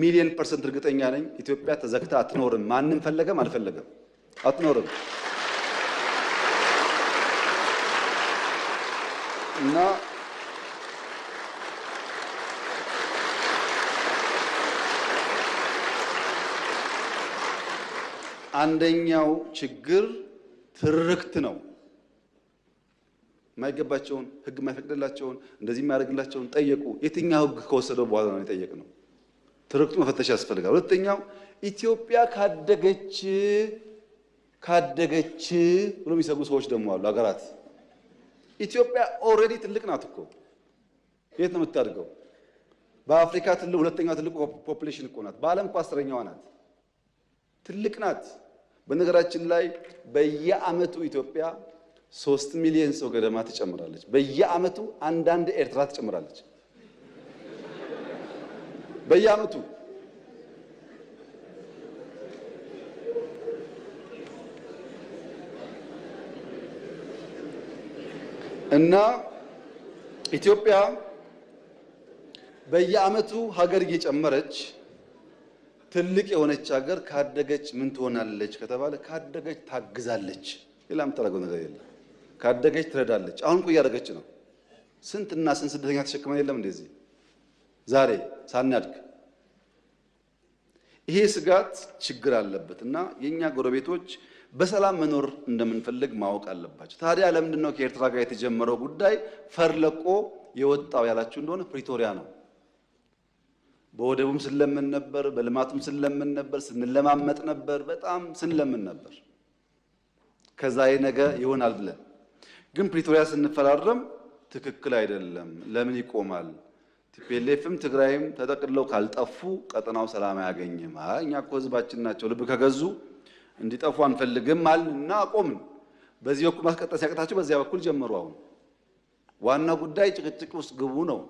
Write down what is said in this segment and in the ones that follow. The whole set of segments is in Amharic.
ሚሊዮን ፐርሰንት እርግጠኛ ነኝ ኢትዮጵያ ተዘግታ አትኖርም። ማንም ፈለገም አልፈለገም አትኖርም። እና አንደኛው ችግር ትርክት ነው። የማይገባቸውን ህግ የማይፈቅድላቸውን እንደዚህ የማያደርግላቸውን ጠየቁ። የትኛው ህግ ከወሰደው በኋላ ነው የጠየቅነው? ትርክቱ መፈተሽ ያስፈልጋል። ሁለተኛው ኢትዮጵያ ካደገች ካደገች ብሎ የሚሰጉ ሰዎች ደግሞ አሉ። ሀገራት ኢትዮጵያ ኦልሬዲ ትልቅ ናት እኮ የት ነው የምታድገው? በአፍሪካ ትልቅ ሁለተኛ ትልቁ ፖፕሌሽን እኮ ናት። በዓለም እኮ አስረኛዋ ናት። ትልቅ ናት። በነገራችን ላይ በየዓመቱ ኢትዮጵያ ሶስት ሚሊዮን ሰው ገደማ ትጨምራለች። በየአመቱ አንዳንድ ኤርትራ ትጨምራለች። በየአመቱ እና ኢትዮጵያ በየአመቱ ሀገር እየጨመረች ትልቅ የሆነች ሀገር ካደገች ምን ትሆናለች ከተባለ ካደገች ታግዛለች። ሌላ የምታደርገው ነገር የለም። ካደገች ትረዳለች። አሁን እኮ እያደረገች ነው። ስንትና ስንት ስደተኛ ተሸክመን የለም እንደዚህ ዛሬ ሳናድግ ይሄ ስጋት ችግር አለበት እና የእኛ ጎረቤቶች በሰላም መኖር እንደምንፈልግ ማወቅ አለባቸው። ታዲያ ለምንድን ነው ከኤርትራ ጋር የተጀመረው ጉዳይ ፈርለቆ የወጣው ያላችሁ እንደሆነ ፕሪቶሪያ ነው። በወደቡም ስለምን ነበር፣ በልማቱም ስለምን ነበር፣ ስንለማመጥ ነበር፣ በጣም ስንለምን ነበር። ከዛ ነገ ይሆናል ብለን ግን ፕሪቶሪያ ስንፈራረም ትክክል አይደለም፣ ለምን ይቆማል ቲፒኤልኤፍም ትግራይም ተጠቅልለው ካልጠፉ ቀጠናው ሰላም አያገኝም። እኛ እኮ ህዝባችን ናቸው፣ ልብ ከገዙ እንዲጠፉ አንፈልግም አልን እና አቆምን። በዚህ በኩል ማስቀጠል ሲያቅታቸው በዚያ በኩል ጀመሩ። አሁን ዋና ጉዳይ ጭቅጭቅ ውስጥ ግቡ ነው፣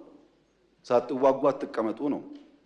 ሳትዋጉ አትቀመጡ ነው።